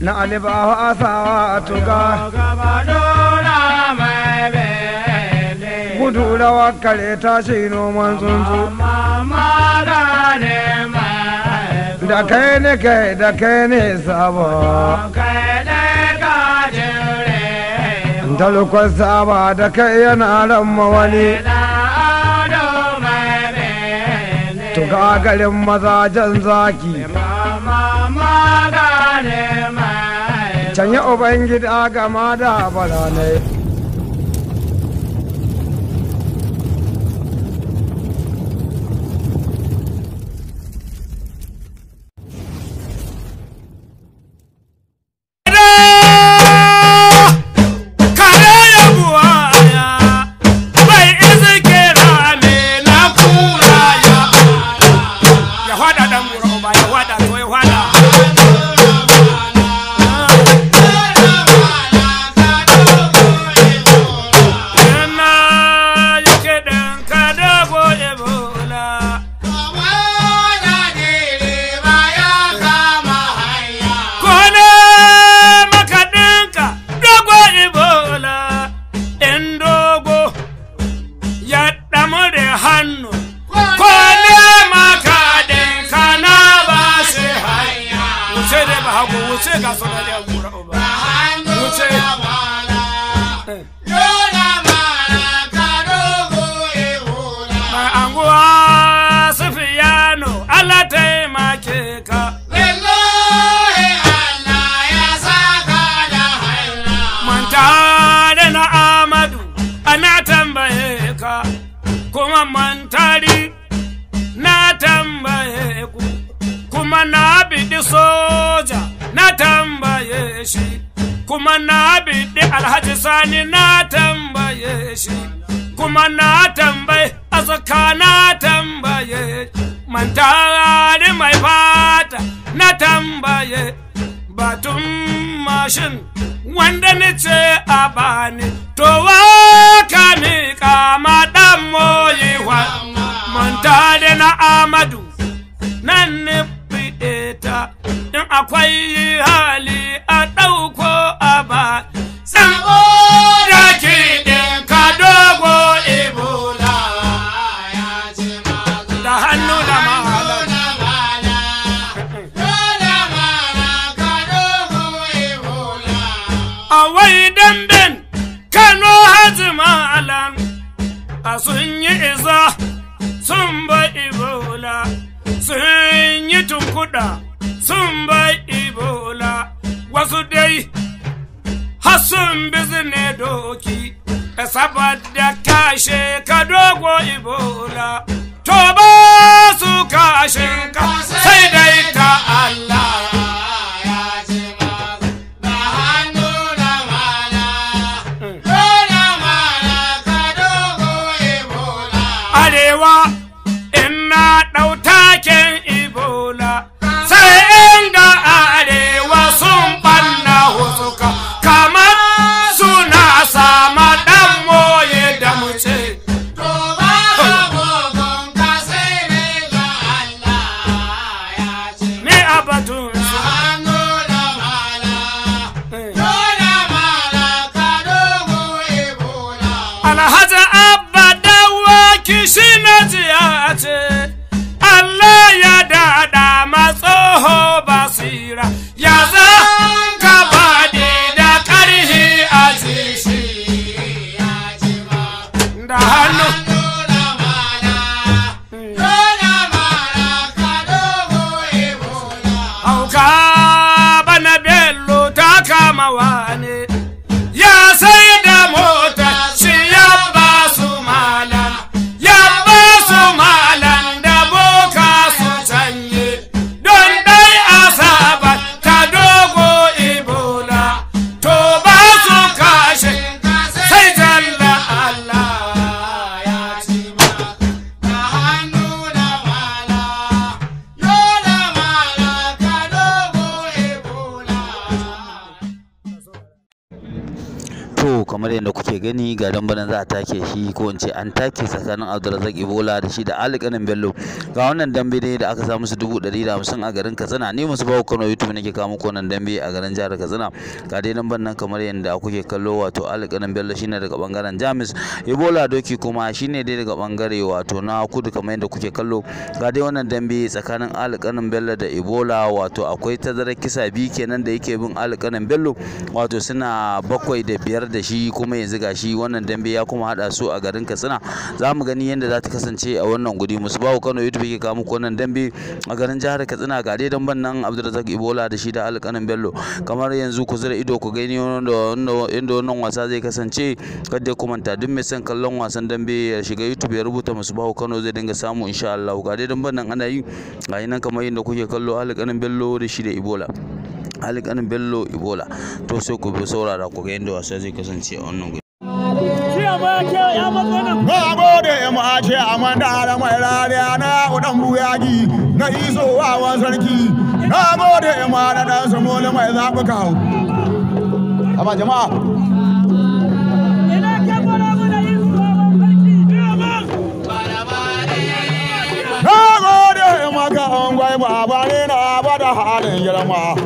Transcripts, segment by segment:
na alibawa asawa tuga gudu rawa kare tashi noman tsuntsu da kai ne kai da kai ne sabo talukon saba da kai yana ran mawani tuga garin jan zaki canya ubangida gama da balanai hago usika sona liyakura uba kuma na biɗi alhaji sani na tambaye shi kuma na tambaye azaka na tambaye mantari mai fata na tambaye batun mashin wanda ni ce a bani to waka mi kama dan manta da na amadu nan ni biɗe ta in akwai malam a sun yi iza sun bai ibola sun yi tunkuda sun bai ibola wasu dai hasun bizine doki saboda kashe ka dogo ibola to ba su kashe ka sai dai ta Allah kamar yadda kuke gani ga bana za a take shi ko in ce an take tsakanin abdulrazak ibola da shi da kanin bello ga wannan dambe ne da aka sa musu dubu ɗari da hamsin a garin katsina ni musu bawa kano youtube nake kawo muku wannan dambe a garin jihar katsina ga dai nan nan kamar yadda kuke kallo wato kanin bello shi ne daga bangaren jamus ibola doki kuma shi ne dai daga bangare wato na kudu kamar yadda kuke kallo ga dai wannan dambe tsakanin kanin bello da ibola wato akwai tazarar kisa biyu kenan da yake bin kanin bello wato suna bakwai da biyar da shi kuma yanzu gashi wannan dambe ya kuma hada su a garin katsina za mu gani yadda za ta kasance a wannan guri musu bawo kano youtube yake kawo muku wannan dambe a garin jihar katsina ga dai damban nan abdulrazak ibola da shi da alƙanin bello kamar yanzu ku zira ido ku gani inda wannan wasa zai kasance kada ku manta duk mai son kallon wasan dambe ya shiga youtube ya rubuta musu bawo kano zai dinga samu insha Allah ga dai damban nan ana yi ga nan kamar yadda kuke kallo alƙanin bello da shi da ibola alƙan bello ibola to sai ku bi da ku ga yadda wasa zai kasance a wannan gudu Na gode mu a ce a manda da mai rariya na udan buyagi na iso wawan sarki na gode mu a da samoli mai zaɓi kawo. Amma jama'a Na gode maka an gwai ba ne na da halin girma.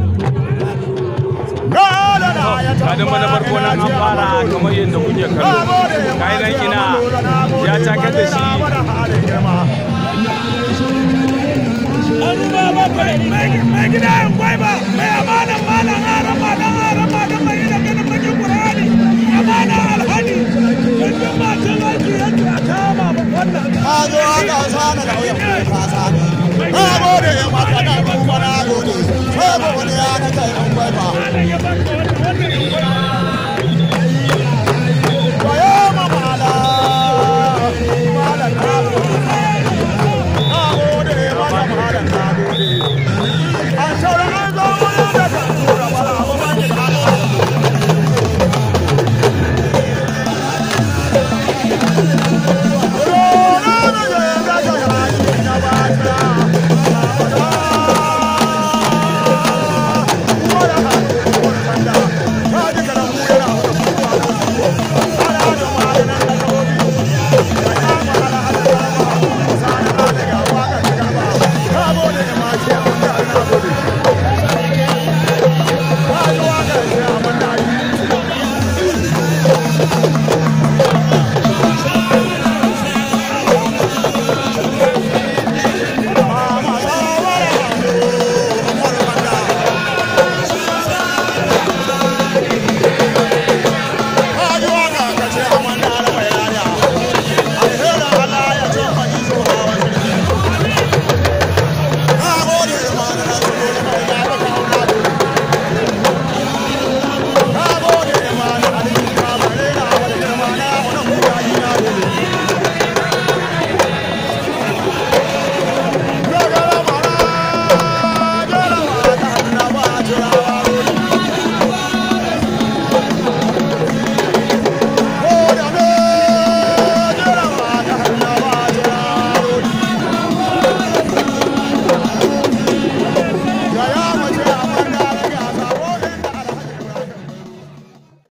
kadan mana farko nan an fara kamar yadda kuke kallo kai nan ina ya takar da shi mai gida yin kwai ba mai amanan malan haram ba dan haram ba dan mai kurani amanan alhali yankin macin a kama ba wannan ka da wuyan ka sana na gode ya Olha aí, olha aí.